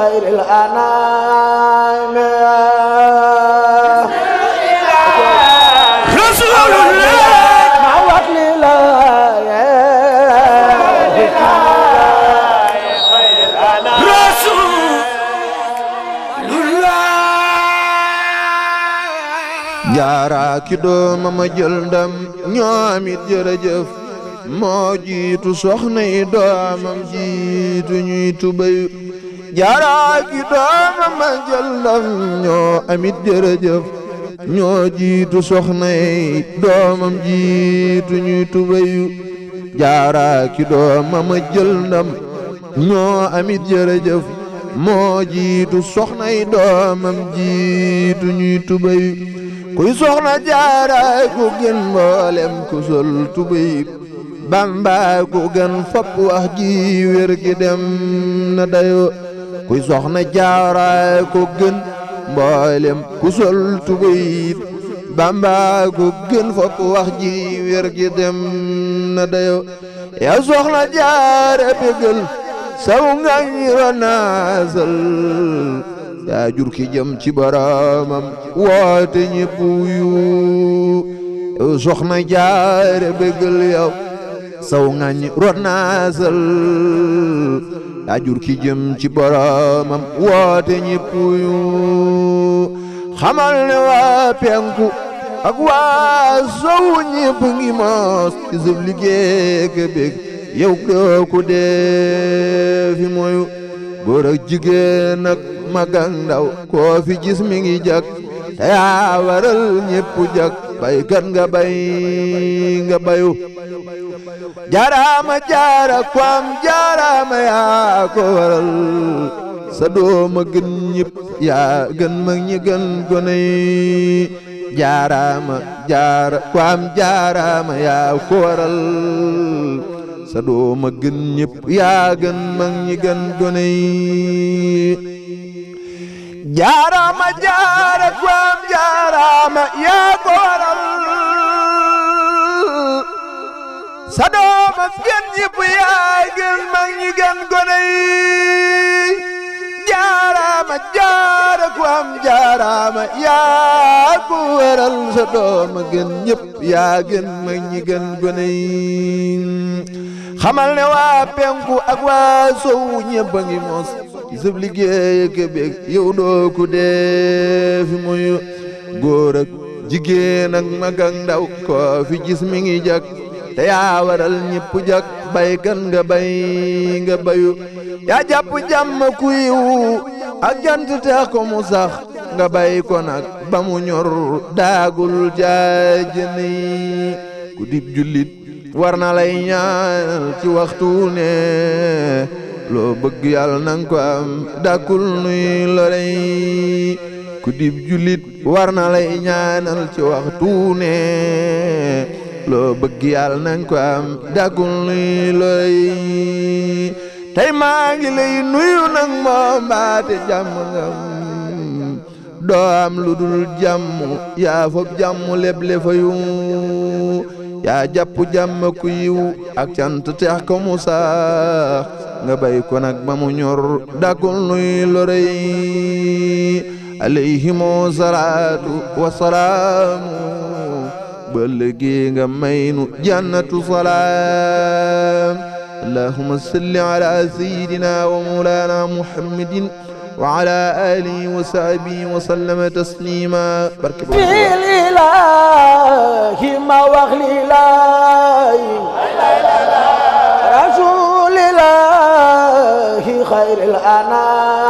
خير الأنام رسول doomam a jël ndam ñoom it jërëjëf moo jiitu soxna yi doomam jiitu ñuy tubayu jaara ki doomam ak jëllam ñoo amit jërëjëf ñoo jiitu soxnay doomam jiitu ñuy tubayu jaara ki doomam ak jël ndam ñoo amit jërëjëf moo jiitu soxnay doomam jiitu ñuy tubayu kuy soxna jaara ku gën mboolem ku sol tubayu bamba ku gën fopp wax ji wér gi dem na dayo kuy soxna jaaraay ko gën mboolem ku sol tubéy ko gën fopp wax ji wér gi dem na dayo ya soxna jaara bégal saw ngañ ronaasal yaa jur ki jëm ci boroomam woote ñépp yu yow soxna jaara bégal yow saw ngañ ronaasal daa jur ki jëm ci boromam woote ñëpp yu xamal ne waa penku ak waa sowu ñëpp ngi moos ci suuf liggéey ka bég yow doo dee fi mooyu góor ak jigéen ak mag ak ndaw jag te yaa waral ñëpp jag baykat nga bay nga bayu jaaraama jaara ko am yaa ko sa dooma gën ñëpp yaa gën mag ñi gën gone yi jaaraama jaara ko yaa sa doomam gën ñëpp yaa gën mag ñi gën gone jaaraama jaara am jaaraama yaa ku waral sa dooma gën ñëpp yaa gën mag ñi gën gone xamal ne waa penku ak waa sowu ñëpp ngi mos sëb liggéey ak beeg yow doo ko muy góor ak jigéen ak mag ak ndaw koo mi ngi jag te yaa waral ñëpp jog bay gën nga bay nga bayu yaa jàpp jàmm ku yiw ak jant teex ko mu sax nga bay ko nag ba mu ñor daagul jaajëni ku dib jullit war na lay ñaan ci waxtu ne loo bëgg yàlla nang ko am ku dib jullit war na lay ñaanal ci waxtu ne loo bëgg yàlla nanga ko am dagul nuy looy tey maa ngi lay nuyu nag moo mbaate jàmm ngam doo am lu dul jàmm yaa foog jàmm leble fayu yaa jàpp jàmm ku yiw ak cant teex ko mu saax nga bay ko nag ba mu ñor dagul nuy lorey alayhimu salaatu wa salaamu ba léegi nga may nu jannatu salaam allahumma salli ala sayyidina wa mawlana muhammadin wa ala alihi wa sahbihi wa sallama taslima barke bi lilahi ma wax lilahi rasulilahi xayril anam